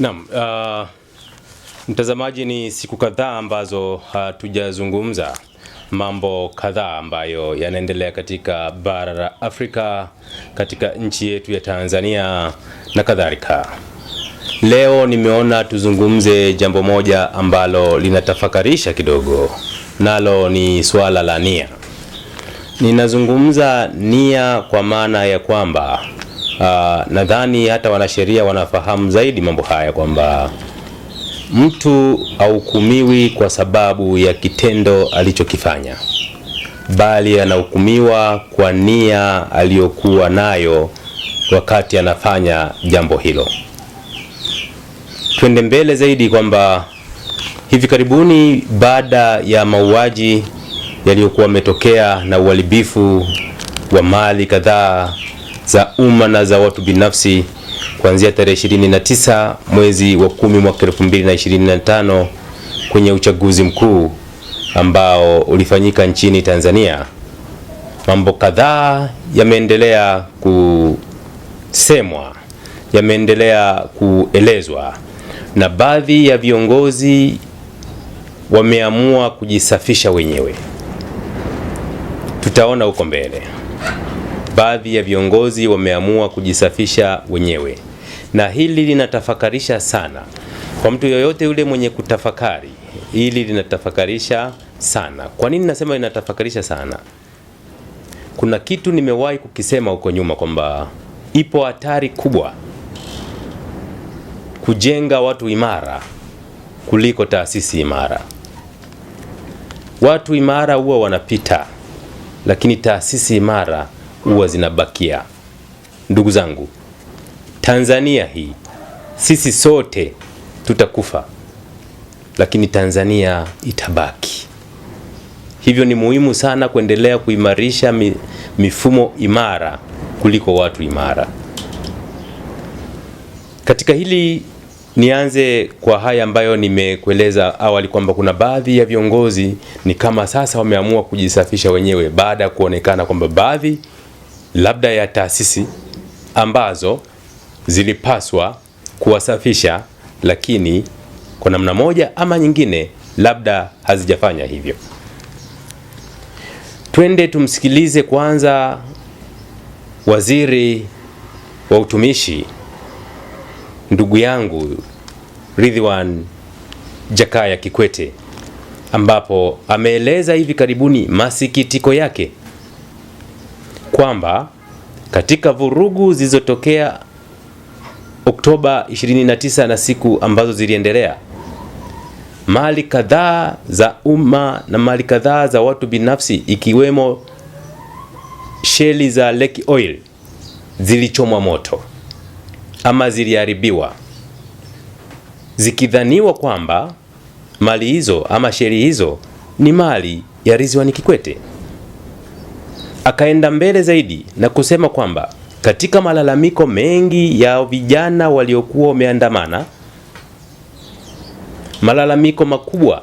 Naam, uh, mtazamaji, ni siku kadhaa ambazo hatujazungumza mambo kadhaa ambayo yanaendelea katika bara la Afrika, katika nchi yetu ya Tanzania na kadhalika. Leo nimeona tuzungumze jambo moja ambalo linatafakarisha kidogo, nalo ni swala la nia. Ninazungumza nia kwa maana ya kwamba Ah, nadhani hata wanasheria wanafahamu zaidi mambo haya kwamba mtu ahukumiwi kwa sababu ya kitendo alichokifanya, bali anahukumiwa kwa nia aliyokuwa nayo wakati anafanya jambo hilo. Twende mbele zaidi kwamba hivi karibuni baada ya mauaji yaliyokuwa yametokea na uharibifu wa mali kadhaa za umma na za watu binafsi kuanzia tarehe 29 mwezi wa kumi mwaka 2025 kwenye uchaguzi mkuu ambao ulifanyika nchini Tanzania. Mambo kadhaa yameendelea kusemwa, yameendelea kuelezwa, na baadhi ya viongozi wameamua kujisafisha wenyewe. Tutaona huko mbele baadhi ya viongozi wameamua kujisafisha wenyewe, na hili linatafakarisha sana kwa mtu yoyote yule mwenye kutafakari. Hili linatafakarisha sana. Kwa nini nasema linatafakarisha sana? Kuna kitu nimewahi kukisema huko nyuma kwamba ipo hatari kubwa kujenga watu imara kuliko taasisi imara. Watu imara huwa wanapita, lakini taasisi imara huwa zinabakia. Ndugu zangu, Tanzania hii sisi sote tutakufa, lakini Tanzania itabaki. Hivyo ni muhimu sana kuendelea kuimarisha mifumo imara kuliko watu imara. Katika hili nianze kwa haya ambayo nimekueleza awali kwamba kuna baadhi ya viongozi ni kama sasa wameamua kujisafisha wenyewe baada ya kuonekana kwamba baadhi labda ya taasisi ambazo zilipaswa kuwasafisha, lakini kwa namna moja ama nyingine labda hazijafanya hivyo. Twende tumsikilize kwanza waziri wa utumishi ndugu yangu Ridhiwan Jakaya Kikwete ambapo ameeleza hivi karibuni masikitiko yake kwamba katika vurugu zilizotokea Oktoba 29 na siku ambazo ziliendelea, mali kadhaa za umma na mali kadhaa za watu binafsi ikiwemo sheli za Lake Oil zilichomwa moto ama ziliharibiwa, zikidhaniwa kwamba mali hizo ama sheli hizo ni mali ya Ridhiwani Kikwete. Akaenda mbele zaidi na kusema kwamba katika malalamiko mengi ya vijana waliokuwa wameandamana, malalamiko makubwa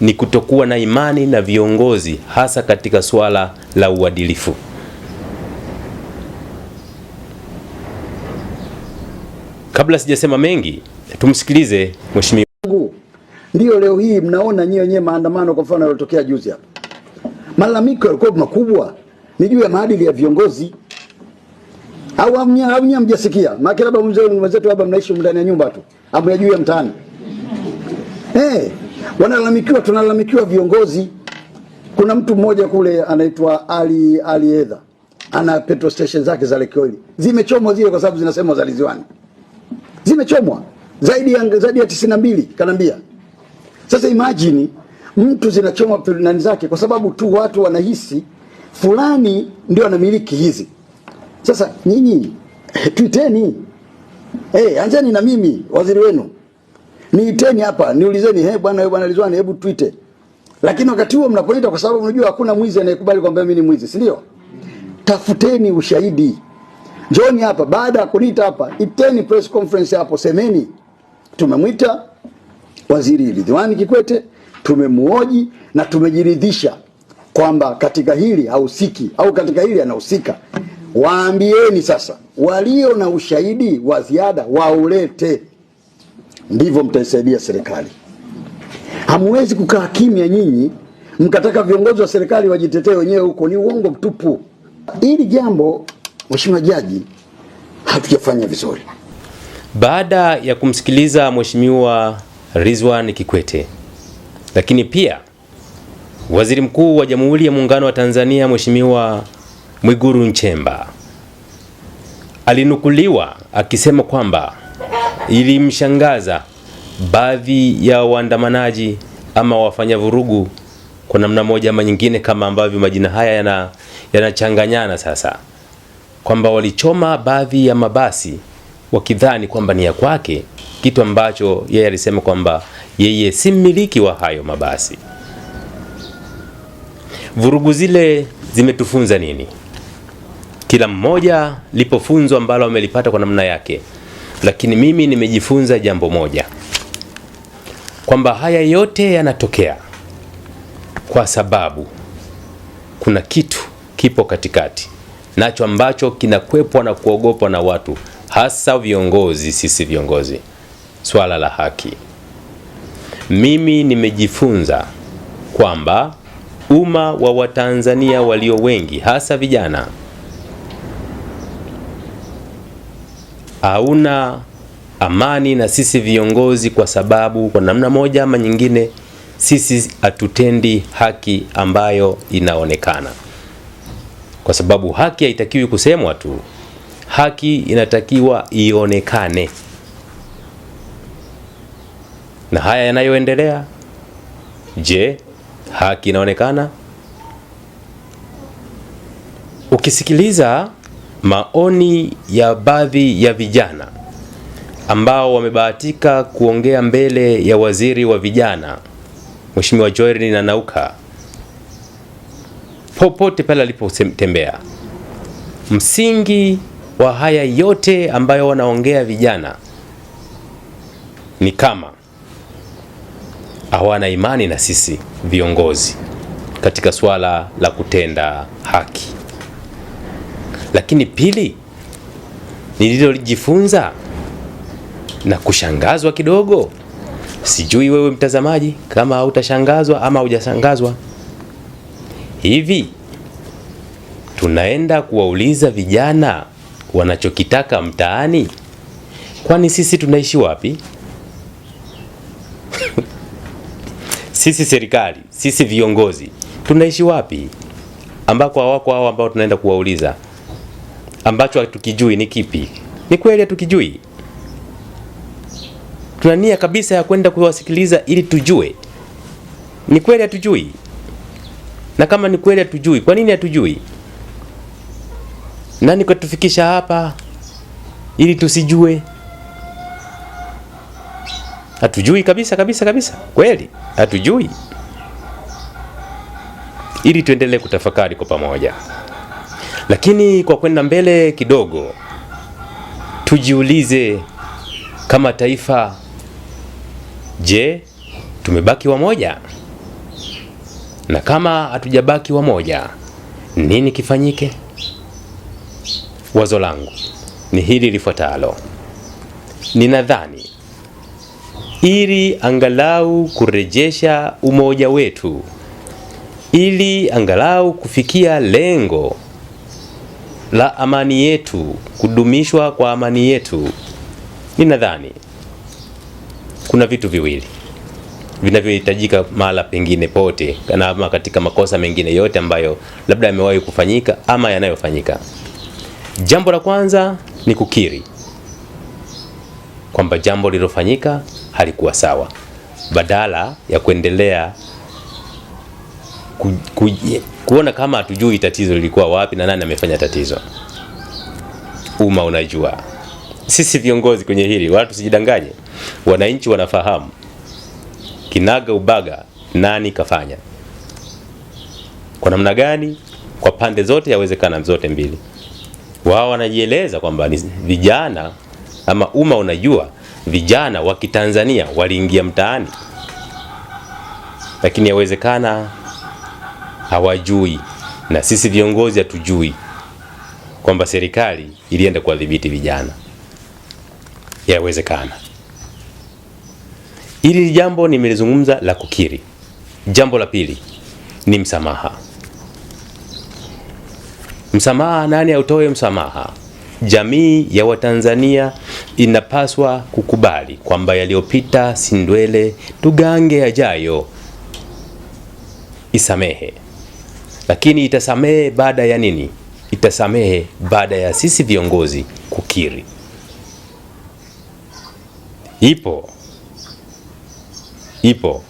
ni kutokuwa na imani na viongozi, hasa katika suala la uadilifu. Kabla sijasema mengi, tumsikilize mheshimiwa. Ndio leo hii mnaona nyinyi wenyewe maandamano, kwa mfano yalotokea juzi hapa Malalamiko yalikuwa makubwa ni juu ya maadili ya viongozi, au hamnya mjasikia? Maana labda mzee mwenzetu hapa mnaishi ndani ya nyumba tu, hapo juu ya mtaani eh, hey, wanalalamikiwa, tunalalamikiwa viongozi. Kuna mtu mmoja kule anaitwa Ali Ali Edha, ana petrol station zake za Lake Oil zimechomwa zile, kwa sababu zinasemwa za Liziwani zimechomwa zaidi ya zaidi ya 92 kanambia Sasa imagine mtu zinachoma nani zake kwa sababu tu watu wanahisi fulani ndio anamiliki hizi. Sasa nyinyi tuiteni, hey, eh, anjani na mimi waziri wenu niiteni hapa niulizeni, hey, eh, bwana wewe bwana Ridhiwani, hebu tuite. Lakini wakati huo mnapoita, kwa sababu mnajua hakuna mwizi anayekubali kwamba mimi ni mwizi, si ndio? Tafuteni ushahidi, njoni hapa. Baada ya kuniita hapa, iteni press conference hapo, semeni tumemwita waziri Ridhiwani Kikwete tumemuoji na tumejiridhisha kwamba katika hili hahusiki au katika hili anahusika. Waambieni sasa, walio na ushahidi wa ziada waulete, ndivyo mtaisaidia serikali. Hamwezi kukaa kimya nyinyi mkataka viongozi wa serikali wajitetee wenyewe huko, ni uongo mtupu. Hili jambo Mheshimiwa Jaji, hatujafanya vizuri. Baada ya kumsikiliza Mheshimiwa Rizwan Kikwete lakini pia Waziri Mkuu wa Jamhuri ya Muungano wa Tanzania Mheshimiwa Mwiguru Nchemba alinukuliwa akisema kwamba ilimshangaza baadhi ya waandamanaji ama wafanya vurugu kwa namna moja ama nyingine, kama ambavyo majina haya yanachanganyana yana sasa, kwamba walichoma baadhi ya mabasi wakidhani kwamba ni ya kwake, kitu ambacho yeye alisema kwamba yeye si mmiliki wa hayo mabasi. Vurugu zile zimetufunza nini? Kila mmoja lipo funzo ambalo amelipata kwa namna yake, lakini mimi nimejifunza jambo moja, kwamba haya yote yanatokea kwa sababu kuna kitu kipo katikati, nacho ambacho kinakwepwa na kuogopwa na watu, hasa viongozi. Sisi viongozi, swala la haki mimi nimejifunza kwamba umma wa Watanzania walio wengi hasa vijana hauna amani na sisi viongozi, kwa sababu kwa namna moja ama nyingine sisi hatutendi haki ambayo inaonekana, kwa sababu haki haitakiwi kusemwa tu, haki inatakiwa ionekane na haya yanayoendelea. Je, haki inaonekana? Ukisikiliza maoni ya baadhi ya vijana ambao wamebahatika kuongea mbele ya waziri wa vijana Mheshimiwa Joel Nanauka, popote pale alipotembea, msingi wa haya yote ambayo wanaongea vijana ni kama hawana imani na sisi viongozi katika swala la kutenda haki. Lakini pili, nililojifunza na kushangazwa kidogo, sijui wewe mtazamaji kama hautashangazwa ama hujashangazwa, hivi tunaenda kuwauliza vijana wanachokitaka mtaani? Kwani sisi tunaishi wapi? sisi serikali, sisi viongozi tunaishi wapi ambako hawako hao ambao tunaenda kuwauliza? Ambacho hatukijui ni kipi? Ni kweli hatukijui. Tuna nia kabisa ya kwenda kuwasikiliza ili tujue ni kweli hatujui. Na kama ni kweli hatujui, kwa nini hatujui? Nani katufikisha hapa ili tusijue? Hatujui kabisa kabisa kabisa, kweli hatujui, ili tuendelee kutafakari kwa pamoja. Lakini kwa kwenda mbele kidogo, tujiulize kama taifa, je, tumebaki wamoja? Na kama hatujabaki wamoja, nini kifanyike? Wazo langu ni hili lifuatalo. Ninadhani ili angalau kurejesha umoja wetu, ili angalau kufikia lengo la amani yetu, kudumishwa kwa amani yetu, ninadhani kuna vitu viwili vinavyohitajika mahala pengine pote, ama katika makosa mengine yote ambayo labda yamewahi kufanyika ama yanayofanyika. Jambo la kwanza ni kukiri kwamba jambo lililofanyika halikuwa sawa, badala ya kuendelea ku, ku, kuona kama hatujui tatizo lilikuwa wapi na nani amefanya tatizo. Umma unajua, sisi viongozi kwenye hili watu tusijidanganye, wananchi wanafahamu kinaga ubaga nani kafanya kwa namna gani, kwa pande zote, yawezekana zote mbili. Wao wanajieleza kwamba ni vijana ama umma unajua vijana wa Kitanzania waliingia mtaani, lakini yawezekana hawajui na sisi viongozi hatujui kwamba serikali ilienda kuwadhibiti vijana. Yawezekana hili jambo nimelizungumza la kukiri. Jambo la pili ni msamaha. Msamaha, nani autoe msamaha? jamii ya Watanzania inapaswa kukubali kwamba yaliyopita si ndwele, tugange yajayo, isamehe. Lakini itasamehe baada ya nini? Itasamehe baada ya sisi viongozi kukiri. Ipo ipo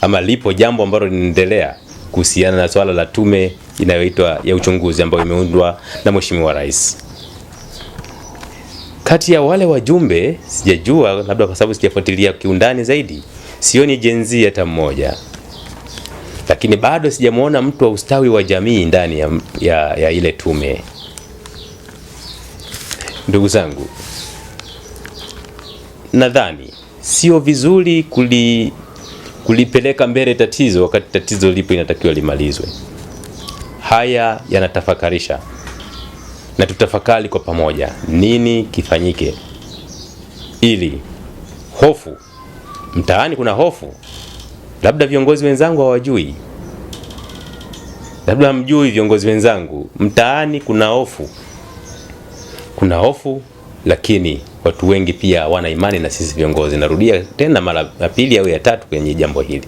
ama lipo jambo ambalo linaendelea kuhusiana na swala la tume inayoitwa ya uchunguzi ambayo imeundwa na Mheshimiwa Rais kati ya wale wajumbe sijajua, labda kwa sababu sijafuatilia kiundani zaidi, sioni jenzi hata mmoja, lakini bado sijamwona mtu wa ustawi wa jamii ndani ya, ya, ya ile tume. Ndugu zangu, nadhani sio vizuri kuli, kulipeleka mbele tatizo wakati tatizo lipo, inatakiwa limalizwe. Haya yanatafakarisha na tutafakari kwa pamoja nini kifanyike ili hofu mtaani. Kuna hofu, labda viongozi wenzangu hawajui, labda hamjui viongozi wenzangu, mtaani kuna hofu, kuna hofu, lakini watu wengi pia wana imani na sisi viongozi. Narudia tena mara ya pili au ya tatu kwenye jambo hili,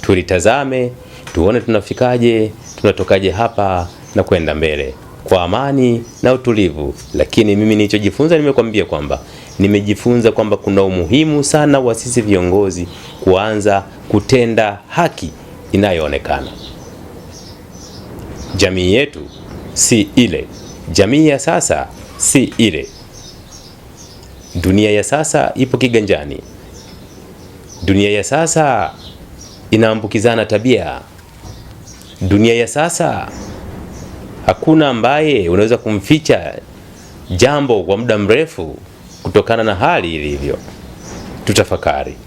tulitazame tuone tunafikaje, tunatokaje hapa na kwenda mbele kwa amani na utulivu. Lakini mimi nilichojifunza, nimekwambia kwamba nimejifunza kwamba kuna umuhimu sana wa sisi viongozi kuanza kutenda haki inayoonekana. Jamii yetu si ile jamii ya sasa, si ile dunia ya sasa. Ipo kiganjani. Dunia ya sasa inaambukizana tabia. Dunia ya sasa Hakuna ambaye unaweza kumficha jambo kwa muda mrefu kutokana na hali ilivyo. Tutafakari.